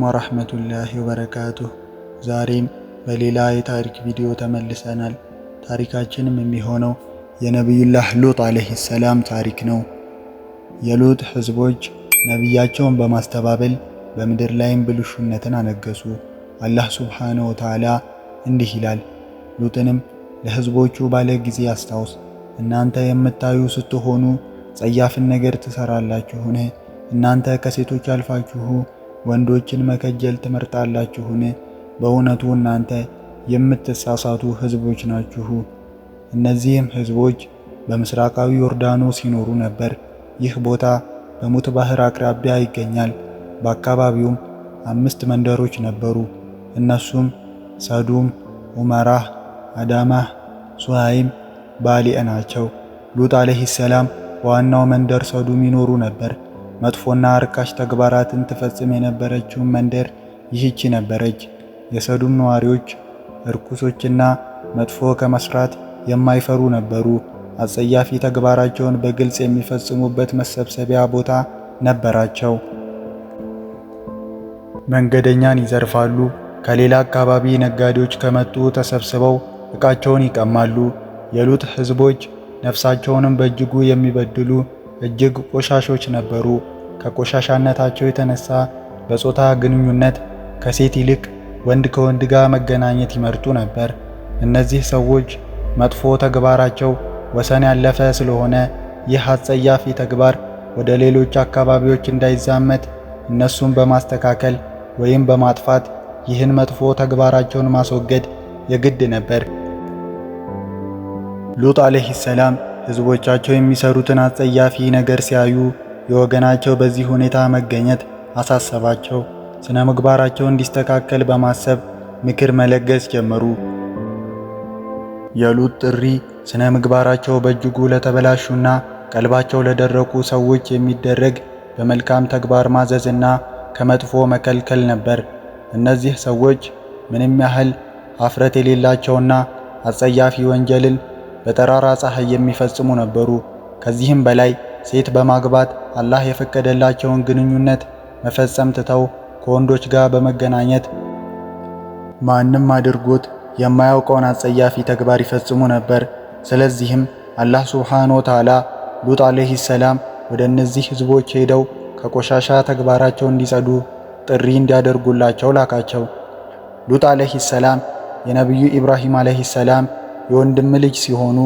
አለይኩም ወራህመቱላሂ ወበረካቱሁ። ዛሬም በሌላ የታሪክ ቪዲዮ ተመልሰናል። ታሪካችንም የሚሆነው የነቢዩላህ ሉጥ ዓለይሂ ሰላም ታሪክ ነው። የሉጥ ህዝቦች ነቢያቸውን በማስተባበል በምድር ላይም ብልሹነትን አነገሱ። አላህ ሱብሓነሁ ወተዓላ እንዲህ ይላል፣ ሉጥንም ለህዝቦቹ ባለ ጊዜ አስታውስ፣ እናንተ የምታዩ ስትሆኑ ጸያፍን ነገር ትሰራላችሁን? እናንተ ከሴቶች አልፋችሁ ወንዶችን መከጀል ትመርጣላችሁን? በእውነቱ እናንተ የምትሳሳቱ ሕዝቦች ናችሁ። እነዚህም ሕዝቦች በምስራቃዊ ዮርዳኖስ ሲኖሩ ነበር። ይህ ቦታ በሙት ባህር አቅራቢያ ይገኛል። በአካባቢውም አምስት መንደሮች ነበሩ። እነሱም ሰዱም፣ ኡመራህ፣ አዳማህ፣ ሱሃይም፣ ባሊዕ ናቸው። ሉጥ ዓለይሂ ሰላም በዋናው መንደር ሰዱም ይኖሩ ነበር። መጥፎና አርካሽ ተግባራትን ትፈጽም የነበረችው መንደር ይህች ነበረች። የሰዱም ነዋሪዎች እርኩሶችና መጥፎ ከመስራት የማይፈሩ ነበሩ። አጸያፊ ተግባራቸውን በግልጽ የሚፈጽሙበት መሰብሰቢያ ቦታ ነበራቸው። መንገደኛን ይዘርፋሉ። ከሌላ አካባቢ ነጋዴዎች ከመጡ ተሰብስበው ዕቃቸውን ይቀማሉ። የሉጥ ሕዝቦች ነፍሳቸውንም በእጅጉ የሚበድሉ እጅግ ቆሻሾች ነበሩ። ከቆሻሻነታቸው የተነሳ በጾታ ግንኙነት ከሴት ይልቅ ወንድ ከወንድ ጋር መገናኘት ይመርጡ ነበር። እነዚህ ሰዎች መጥፎ ተግባራቸው ወሰን ያለፈ ስለሆነ ይህ አጸያፊ ተግባር ወደ ሌሎች አካባቢዎች እንዳይዛመት እነሱን በማስተካከል ወይም በማጥፋት ይህን መጥፎ ተግባራቸውን ማስወገድ የግድ ነበር። ሉጥ ዓለይሂ ሰላም ሕዝቦቻቸው የሚሰሩትን አጸያፊ ነገር ሲያዩ የወገናቸው በዚህ ሁኔታ መገኘት አሳሰባቸው። ስነ ምግባራቸው እንዲስተካከል በማሰብ ምክር መለገስ ጀመሩ። የሉጥ ጥሪ ስነ ምግባራቸው በእጅጉ ለተበላሹና ቀልባቸው ለደረቁ ሰዎች የሚደረግ በመልካም ተግባር ማዘዝና ከመጥፎ መከልከል ነበር። እነዚህ ሰዎች ምንም ያህል አፍረት የሌላቸውና አጸያፊ ወንጀልን በጠራራ ፀሐይ የሚፈጽሙ ነበሩ። ከዚህም በላይ ሴት በማግባት አላህ የፈቀደላቸውን ግንኙነት መፈጸም ትተው ከወንዶች ጋር በመገናኘት ማንም አድርጎት የማያውቀውን አጸያፊ ተግባር ይፈጽሙ ነበር። ስለዚህም አላህ ሱብሓነሁ ወተዓላ ሉጥ አለይሂ ሰላም ወደ እነዚህ ህዝቦች ሄደው ከቆሻሻ ተግባራቸው እንዲጸዱ ጥሪ እንዲያደርጉላቸው ላካቸው። ሉጥ አለይሂ ሰላም የነቢዩ ኢብራሂም አለይሂ ሰላም የወንድም ልጅ ሲሆኑ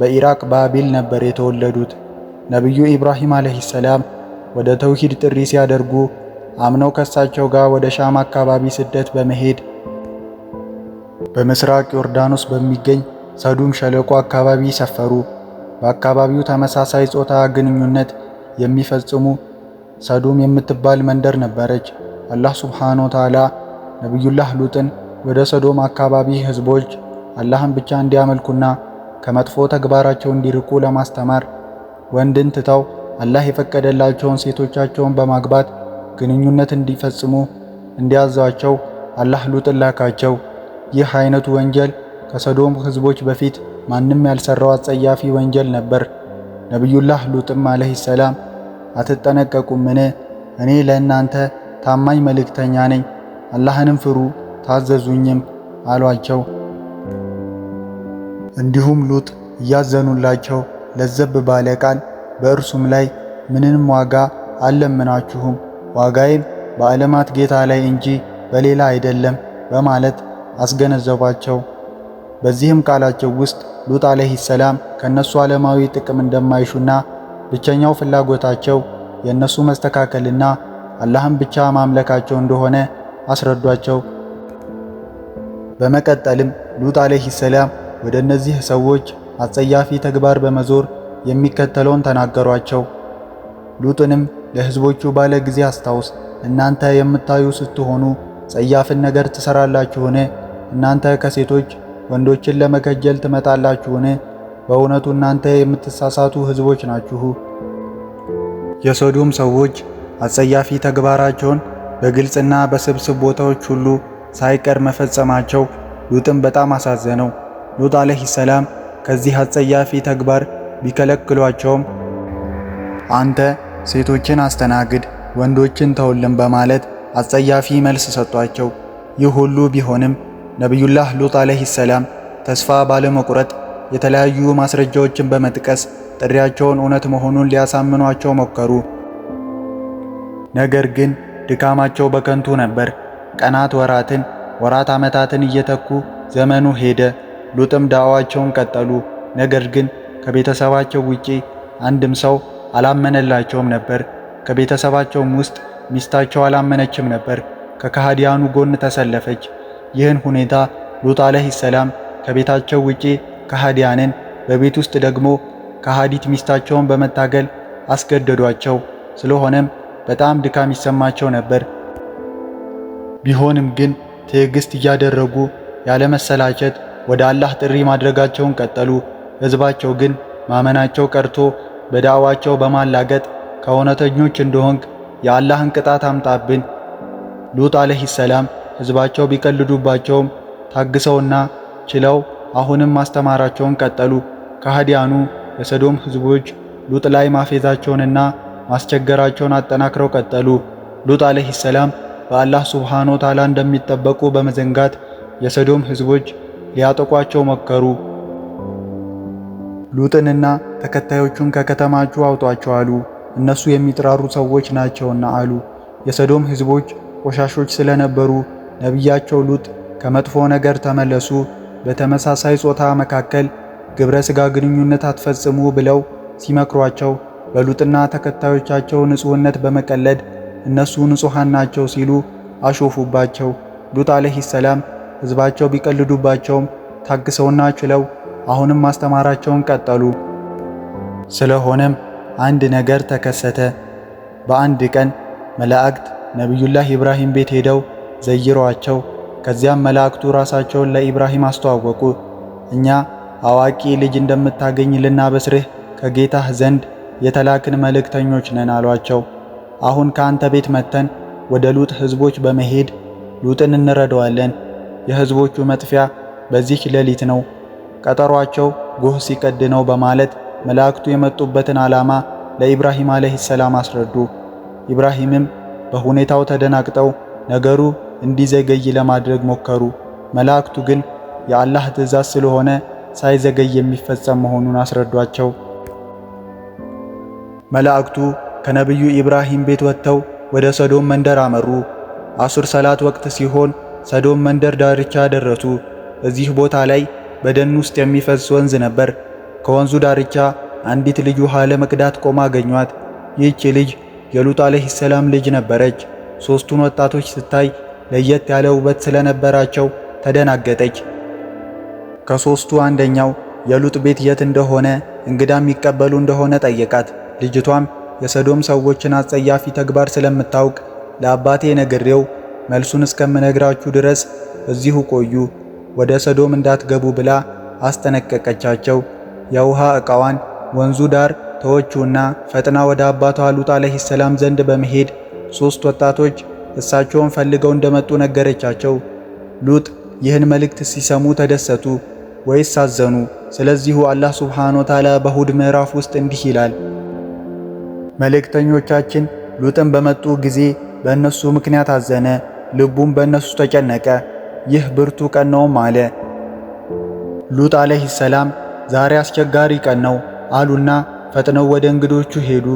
በኢራቅ ባቢል ነበር የተወለዱት። ነቢዩ ኢብራሂም ዓለይሂ ሰላም ወደ ተውሂድ ጥሪ ሲያደርጉ አምነው ከሳቸው ጋር ወደ ሻም አካባቢ ስደት በመሄድ በምስራቅ ዮርዳኖስ በሚገኝ ሰዱም ሸለቆ አካባቢ ሰፈሩ። በአካባቢው ተመሳሳይ ጾታ ግንኙነት የሚፈጽሙ ሰዱም የምትባል መንደር ነበረች። አላህ ሱብሓነሁ ወተዓላ ነቢዩላህ ሉጥን ወደ ሰዶም አካባቢ ህዝቦች አላህን ብቻ እንዲያመልኩና ከመጥፎ ተግባራቸው እንዲርቁ ለማስተማር ወንድን ትተው አላህ የፈቀደላቸውን ሴቶቻቸውን በማግባት ግንኙነት እንዲፈጽሙ እንዲያዛቸው አላህ ሉጥን ላካቸው። ይህ አይነቱ ወንጀል ከሰዶም ህዝቦች በፊት ማንም ያልሰራው አጸያፊ ወንጀል ነበር። ነቢዩላህ ሉጥም አለይሂ ሰላም አትጠነቀቁምን? እኔ ለእናንተ ታማኝ መልእክተኛ ነኝ፣ አላህንም ፍሩ ታዘዙኝም አሏቸው። እንዲሁም ሉጥ እያዘኑላቸው ለዘብ ባለ ቃል በእርሱም ላይ ምንም ዋጋ አልለምናችሁም፣ ዋጋዬም በዓለማት ጌታ ላይ እንጂ በሌላ አይደለም በማለት አስገነዘቧቸው። በዚህም ቃላቸው ውስጥ ሉጥ አለይሂ ሰላም ከነሱ ዓለማዊ ጥቅም እንደማይሹና ብቸኛው ፍላጎታቸው የእነሱ መስተካከልና አላህን ብቻ ማምለካቸው እንደሆነ አስረዷቸው። በመቀጠልም ሉጥ አለይሂ ሰላም ወደ እነዚህ ሰዎች አጸያፊ ተግባር በመዞር የሚከተለውን ተናገሯቸው። ሉጥንም ለሕዝቦቹ ባለ ጊዜ አስታውስ፣ እናንተ የምታዩ ስትሆኑ ጸያፍን ነገር ትሰራላችሁን? እናንተ ከሴቶች ወንዶችን ለመከጀል ትመጣላችሁን? በእውነቱ እናንተ የምትሳሳቱ ሕዝቦች ናችሁ። የሶዶም ሰዎች አጸያፊ ተግባራቸውን በግልጽና በስብስብ ቦታዎች ሁሉ ሳይቀር መፈጸማቸው ሉጥን በጣም አሳዘነው። ሉጥ አለይሂ ሰላም ከዚህ አጸያፊ ተግባር ቢከለክሏቸውም አንተ ሴቶችን አስተናግድ ወንዶችን ተውልን በማለት አጸያፊ መልስ ሰጧቸው። ይህ ሁሉ ቢሆንም ነቢዩላህ ሉጥ አለይሂ ሰላም ተስፋ ባለመቁረጥ የተለያዩ ማስረጃዎችን በመጥቀስ ጥሪያቸውን እውነት መሆኑን ሊያሳምኗቸው ሞከሩ። ነገር ግን ድካማቸው በከንቱ ነበር። ቀናት ወራትን፣ ወራት ዓመታትን እየተኩ ዘመኑ ሄደ። ሉጥም ዳዋቸውን ቀጠሉ። ነገር ግን ከቤተሰባቸው ውጪ አንድም ሰው አላመነላቸውም ነበር። ከቤተሰባቸውም ውስጥ ሚስታቸው አላመነችም ነበር፣ ከካህዲያኑ ጎን ተሰለፈች። ይህን ሁኔታ ሉጥ አለይሂ ሰላም ከቤታቸው ውጪ ከሃዲያንን በቤት ውስጥ ደግሞ ካህዲት ሚስታቸውን በመታገል አስገደዷቸው። ስለሆነም በጣም ድካም ይሰማቸው ነበር። ቢሆንም ግን ትዕግስት እያደረጉ ያለመሰላቸት ወደ አላህ ጥሪ ማድረጋቸውን ቀጠሉ። ሕዝባቸው ግን ማመናቸው ቀርቶ በዳዋቸው በማላገጥ ከእውነተኞች እንደሆንክ የአላህን ቅጣት አምጣብን። ሉጥ አለይሂ ሰላም ሕዝባቸው ቢቀልዱባቸውም ታግሰውና ችለው አሁንም ማስተማራቸውን ቀጠሉ። ከሃዲያኑ የሰዶም ሕዝቦች ሉጥ ላይ ማፌዛቸውንና ማስቸገራቸውን አጠናክረው ቀጠሉ። ሉጥ አለይሂ ሰላም በአላህ ሱብሓነሁ ወተዓላ እንደሚጠበቁ በመዘንጋት የሰዶም ሕዝቦች ሊያጠቋቸው መከሩ። ሉጥንና ተከታዮቹን ከከተማችሁ አውጧቸው አሉ፣ እነሱ የሚጥራሩ ሰዎች ናቸውና አሉ። የሰዶም ሕዝቦች ቆሻሾች ስለነበሩ ነቢያቸው ሉጥ ከመጥፎ ነገር ተመለሱ፣ በተመሳሳይ ጾታ መካከል ግብረ ሥጋ ግንኙነት አትፈጽሙ ብለው ሲመክሯቸው በሉጥና ተከታዮቻቸው ንጹሕነት በመቀለድ እነሱ ንጹሐን ናቸው ሲሉ አሾፉባቸው። ሉጥ አለይሂ ሰላም ሕዝባቸው ቢቀልዱባቸውም ታግሰውና ችለው አሁንም ማስተማራቸውን ቀጠሉ። ስለሆነም አንድ ነገር ተከሰተ። በአንድ ቀን መላእክት ነቢዩላህ ኢብራሂም ቤት ሄደው ዘይሯቸው። ከዚያም መላእክቱ ራሳቸውን ለኢብራሂም አስተዋወቁ። እኛ አዋቂ ልጅ እንደምታገኝ ልናበስርህ ከጌታህ ዘንድ የተላክን መልእክተኞች ነን አሏቸው። አሁን ከአንተ ቤት መጥተን ወደ ሉጥ ሕዝቦች በመሄድ ሉጥን እንረዳዋለን የሕዝቦቹ መጥፊያ በዚህ ሌሊት ነው፣ ቀጠሯቸው ጎህ ሲቀድ ነው በማለት መላእክቱ የመጡበትን ዓላማ ለኢብራሂም ዓለይሂ ሰላም አስረዱ። ኢብራሂምም በሁኔታው ተደናግጠው ነገሩ እንዲዘገይ ለማድረግ ሞከሩ። መላእክቱ ግን የአላህ ትእዛዝ ስለሆነ ሳይዘገይ የሚፈጸም መሆኑን አስረዷቸው። መላእክቱ ከነቢዩ ኢብራሂም ቤት ወጥተው ወደ ሰዶም መንደር አመሩ። አሱር ሰላት ወቅት ሲሆን ሰዶም መንደር ዳርቻ ደረሱ። እዚህ ቦታ ላይ በደን ውስጥ የሚፈስ ወንዝ ነበር። ከወንዙ ዳርቻ አንዲት ልጅ ውሃ ለመቅዳት ቆማ አገኟት። ይህች ልጅ የሉጥ ዓለይሂ ሰላም ልጅ ነበረች። ሦስቱን ወጣቶች ስታይ ለየት ያለ ውበት ስለነበራቸው ተደናገጠች። ከሦስቱ አንደኛው የሉጥ ቤት የት እንደሆነ እንግዳ የሚቀበሉ እንደሆነ ጠየቃት። ልጅቷም የሰዶም ሰዎችን አጸያፊ ተግባር ስለምታውቅ ለአባቴ ነግሬው መልሱን እስከምነግራችሁ ድረስ እዚሁ ቆዩ፣ ወደ ሰዶም እንዳትገቡ ብላ አስጠነቀቀቻቸው። የውሃ ዕቃዋን ወንዙ ዳር ተወቹና ፈጥና ወደ አባቷ ሉጥ አለይሂ ሰላም ዘንድ በመሄድ ሦስት ወጣቶች እሳቸውን ፈልገው እንደመጡ ነገረቻቸው። ሉጥ ይህን መልእክት ሲሰሙ ተደሰቱ ወይስ አዘኑ? ስለዚሁ አላህ ሱብሓነ ወተዓላ በሁድ ምዕራፍ ውስጥ እንዲህ ይላል መልእክተኞቻችን ሉጥን በመጡ ጊዜ በእነሱ ምክንያት አዘነ። ልቡም በእነሱ ተጨነቀ። ይህ ብርቱ ቀን ነውም አለ። ሉጥ አለይሂ ሰላም ዛሬ አስቸጋሪ ቀን ነው አሉና ፈጥነው ወደ እንግዶቹ ሄዱ።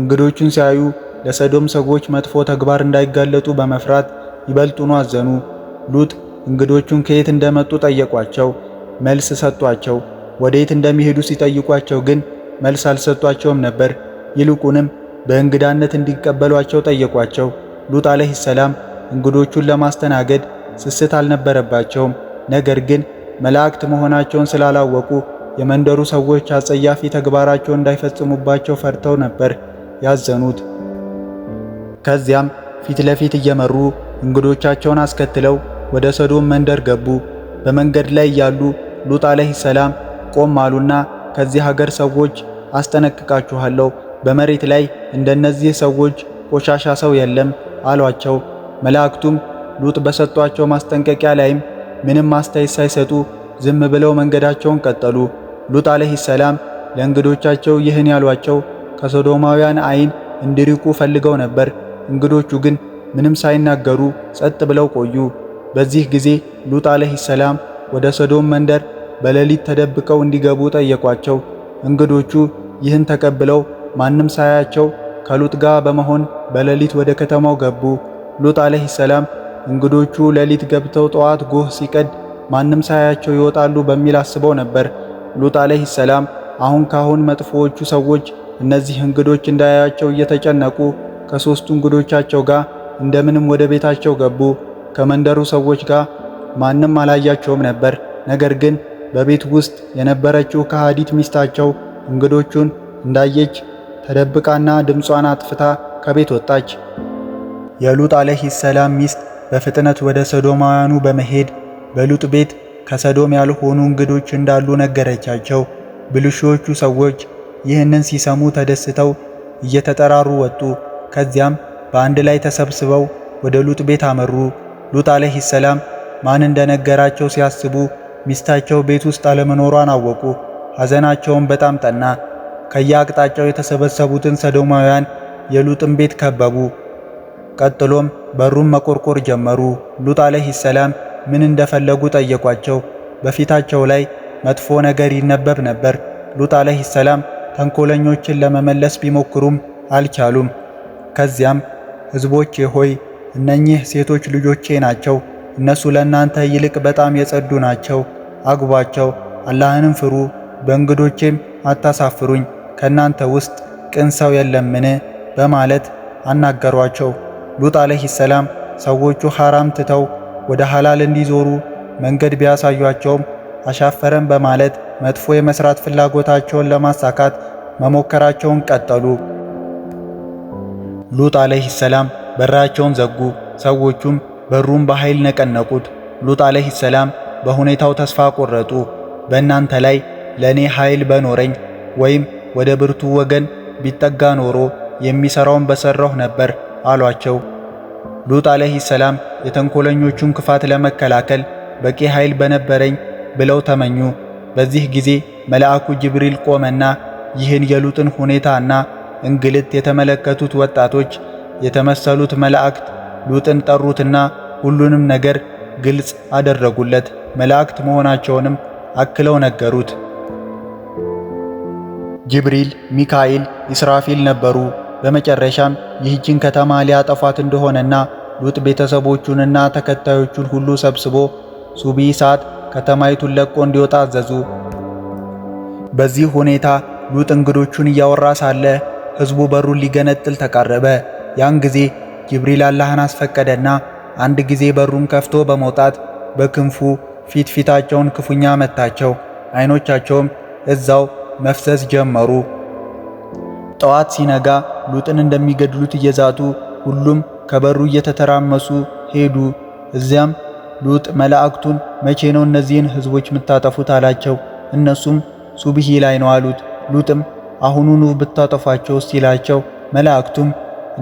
እንግዶቹን ሲያዩ ለሰዶም ሰዎች መጥፎ ተግባር እንዳይጋለጡ በመፍራት ይበልጡኑ አዘኑ። ሉጥ እንግዶቹን ከየት እንደመጡ ጠየቋቸው፣ መልስ ሰጧቸው። ወዴት እንደሚሄዱ ሲጠይቋቸው ግን መልስ አልሰጧቸውም ነበር። ይልቁንም በእንግዳነት እንዲቀበሏቸው ጠየቋቸው። ሉጥ አለይሂ ሰላም እንግዶቹን ለማስተናገድ ስስት አልነበረባቸውም። ነገር ግን መላእክት መሆናቸውን ስላላወቁ የመንደሩ ሰዎች አጸያፊ ተግባራቸውን እንዳይፈጽሙባቸው ፈርተው ነበር ያዘኑት። ከዚያም ፊት ለፊት እየመሩ እንግዶቻቸውን አስከትለው ወደ ሰዶም መንደር ገቡ። በመንገድ ላይ እያሉ ሉጥ አለይሂ ሰላም ቆም አሉና ከዚህ ሀገር ሰዎች አስጠነቅቃችኋለሁ፣ በመሬት ላይ እንደነዚህ ሰዎች ቆሻሻ ሰው የለም አሏቸው። መላእክቱም ሉጥ በሰጧቸው ማስጠንቀቂያ ላይም ምንም አስተያየት ሳይሰጡ ዝም ብለው መንገዳቸውን ቀጠሉ። ሉጥ አለይሂ ሰላም ለእንግዶቻቸው ይህን ያሏቸው ከሶዶማውያን ዓይን እንዲርቁ ፈልገው ነበር። እንግዶቹ ግን ምንም ሳይናገሩ ጸጥ ብለው ቆዩ። በዚህ ጊዜ ሉጥ አለይሂ ሰላም ወደ ሶዶም መንደር በሌሊት ተደብቀው እንዲገቡ ጠየቋቸው። እንግዶቹ ይህን ተቀብለው ማንም ሳያቸው ከሉጥ ጋር በመሆን በሌሊት ወደ ከተማው ገቡ። ሉጥ አለይሂ ሰላም እንግዶቹ ሌሊት ገብተው ጠዋት ጎህ ሲቀድ ማንም ሳያቸው ይወጣሉ በሚል አስበው ነበር። ሉጥ አለይሂ ሰላም አሁን ካሁን መጥፎዎቹ ሰዎች እነዚህ እንግዶች እንዳያያቸው እየተጨነቁ ከሶስቱ እንግዶቻቸው ጋር እንደምንም ወደ ቤታቸው ገቡ። ከመንደሩ ሰዎች ጋር ማንም አላያቸውም ነበር። ነገር ግን በቤት ውስጥ የነበረችው ከሃዲት ሚስታቸው እንግዶቹን እንዳየች ተደብቃና ድምጿን አጥፍታ ከቤት ወጣች። የሉጥ ዓለይሂ ሰላም ሚስት በፍጥነት ወደ ሰዶማውያኑ በመሄድ በሉጥ ቤት ከሰዶም ያልሆኑ እንግዶች እንዳሉ ነገረቻቸው። ብልሹዎቹ ሰዎች ይህንን ሲሰሙ ተደስተው እየተጠራሩ ወጡ። ከዚያም በአንድ ላይ ተሰብስበው ወደ ሉጥ ቤት አመሩ። ሉጥ ዓለይሂ ሰላም ማን እንደነገራቸው ሲያስቡ ሚስታቸው ቤት ውስጥ አለመኖሯን አወቁ። ሐዘናቸውን በጣም ጠና። ከየአቅጣጫው የተሰበሰቡትን ሰዶማውያን የሉጥን ቤት ከበቡ። ቀጥሎም በሩን መቆርቆር ጀመሩ። ሉጥ ዓለይሂ ሰላም ምን እንደፈለጉ ጠየቋቸው። በፊታቸው ላይ መጥፎ ነገር ይነበብ ነበር። ሉጥ ዓለይሂ ሰላም ተንኮለኞችን ለመመለስ ቢሞክሩም አልቻሉም። ከዚያም ሕዝቦቼ ሆይ እነኚህ ሴቶች ልጆቼ ናቸው። እነሱ ለእናንተ ይልቅ በጣም የጸዱ ናቸው። አግቧቸው፣ አላህንም ፍሩ፣ በእንግዶቼም አታሳፍሩኝ፣ ከእናንተ ውስጥ ቅን ሰው የለምን? በማለት አናገሯቸው። ሉጥ አለይሂ ሰላም ሰዎቹ ሐራም ትተው ወደ ሐላል እንዲዞሩ መንገድ ቢያሳዩአቸውም አሻፈረን በማለት መጥፎ የመስራት ፍላጎታቸውን ለማሳካት መሞከራቸውን ቀጠሉ። ሉጥ አለይሂ ሰላም በራቸውን ዘጉ፣ ሰዎቹም በሩን በኃይል ነቀነቁት። ሉጥ አለይሂ ሰላም በሁኔታው ተስፋ ቆረጡ። በእናንተ ላይ ለእኔ ኃይል በኖረኝ ወይም ወደ ብርቱ ወገን ቢጠጋ ኖሮ የሚሰራውን በሰራው ነበር አሏቸው። ሉጥ አለይሂ ሰላም የተንኮለኞቹን ክፋት ለመከላከል በቂ ኃይል በነበረኝ ብለው ተመኙ። በዚህ ጊዜ መልአኩ ጅብሪል ቆመና ይህን የሉጥን ሁኔታና እንግልት የተመለከቱት ወጣቶች የተመሰሉት መላእክት ሉጥን ጠሩትና ሁሉንም ነገር ግልጽ አደረጉለት። መላእክት መሆናቸውንም አክለው ነገሩት። ጅብሪል፣ ሚካኤል፣ ኢስራፊል ነበሩ። በመጨረሻም ይህችን ከተማ ሊያጠፋት እንደሆነና ሉጥ ቤተሰቦቹንና ተከታዮቹን ሁሉ ሰብስቦ ሳት ከተማይቱን ለቆ እንዲወጣ አዘዙ። በዚህ ሁኔታ ሉጥ እንግዶቹን እያወራ ሳለ ሕዝቡ በሩን ሊገነጥል ተቃረበ። ያን ጊዜ ጅብሪል አላህን አስፈቀደና አንድ ጊዜ በሩን ከፍቶ በመውጣት በክንፉ ፊት ፊታቸውን ክፉኛ መታቸው። ዓይኖቻቸውም እዛው መፍሰስ ጀመሩ። ጠዋት ሲነጋ ሉጥን እንደሚገድሉት እየዛቱ ሁሉም ከበሩ እየተተራመሱ ሄዱ። እዚያም ሉጥ መላእክቱን መቼ ነው እነዚህን ሕዝቦች የምታጠፉት አላቸው። እነሱም ሱብሂ ላይ ነው አሉት። ሉጥም አሁኑኑ ብታጠፏቸው ሲላቸው መላእክቱም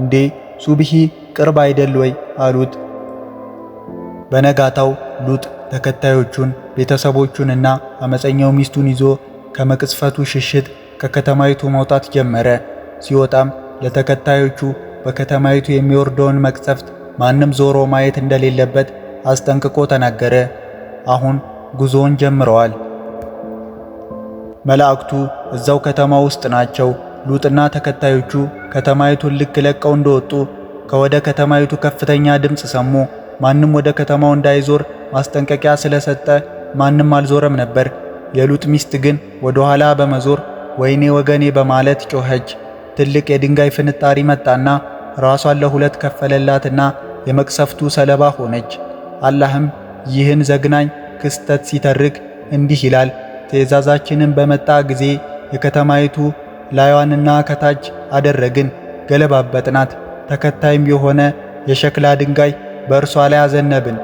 እንዴ ሱብሂ ቅርብ አይደል ወይ አሉት። በነጋታው ሉጥ ተከታዮቹን ቤተሰቦቹንና አመፀኛው ሚስቱን ይዞ ከመቅጽፈቱ ሽሽት ከከተማይቱ መውጣት ጀመረ። ሲወጣም ለተከታዮቹ በከተማይቱ የሚወርደውን መቅሰፍት ማንም ዞሮ ማየት እንደሌለበት አስጠንቅቆ ተናገረ። አሁን ጉዞውን ጀምረዋል። መላእክቱ እዛው ከተማ ውስጥ ናቸው። ሉጥና ተከታዮቹ ከተማይቱን ልክ ለቀው እንደወጡ ከወደ ከተማይቱ ከፍተኛ ድምፅ ሰሙ። ማንም ወደ ከተማው እንዳይዞር ማስጠንቀቂያ ስለሰጠ ማንም አልዞረም ነበር። የሉጥ ሚስት ግን ወደ ኋላ በመዞር ወይኔ ወገኔ በማለት ጮኸች። ትልቅ የድንጋይ ፍንጣሪ መጣና ራሷን ለሁለት ከፈለላትና የመቅሰፍቱ ሰለባ ሆነች። አላህም ይህን ዘግናኝ ክስተት ሲተርክ እንዲህ ይላል። ትእዛዛችንን በመጣ ጊዜ የከተማይቱ ላይዋንና ከታች አደረግን፣ ገለባበጥናት። ተከታይም የሆነ የሸክላ ድንጋይ በእርሷ ላይ አዘነብን።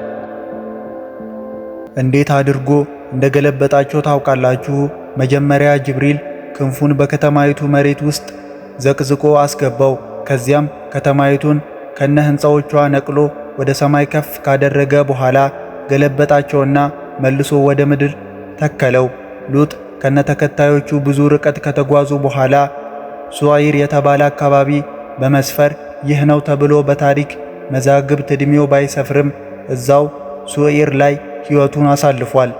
እንዴት አድርጎ እንደገለበጣቸው ታውቃላችሁ? መጀመሪያ ጅብሪል ክንፉን በከተማይቱ መሬት ውስጥ ዘቅዝቆ አስገባው። ከዚያም ከተማይቱን ከነ ሕንፃዎቿ ነቅሎ ወደ ሰማይ ከፍ ካደረገ በኋላ ገለበጣቸውና መልሶ ወደ ምድር ተከለው። ሉጥ ከነ ተከታዮቹ ብዙ ርቀት ከተጓዙ በኋላ ሱዋይር የተባለ አካባቢ በመስፈር ይህ ነው ተብሎ በታሪክ መዛግብት ዕድሜው ባይሰፍርም እዛው ሱዒር ላይ ሕይወቱን አሳልፏል።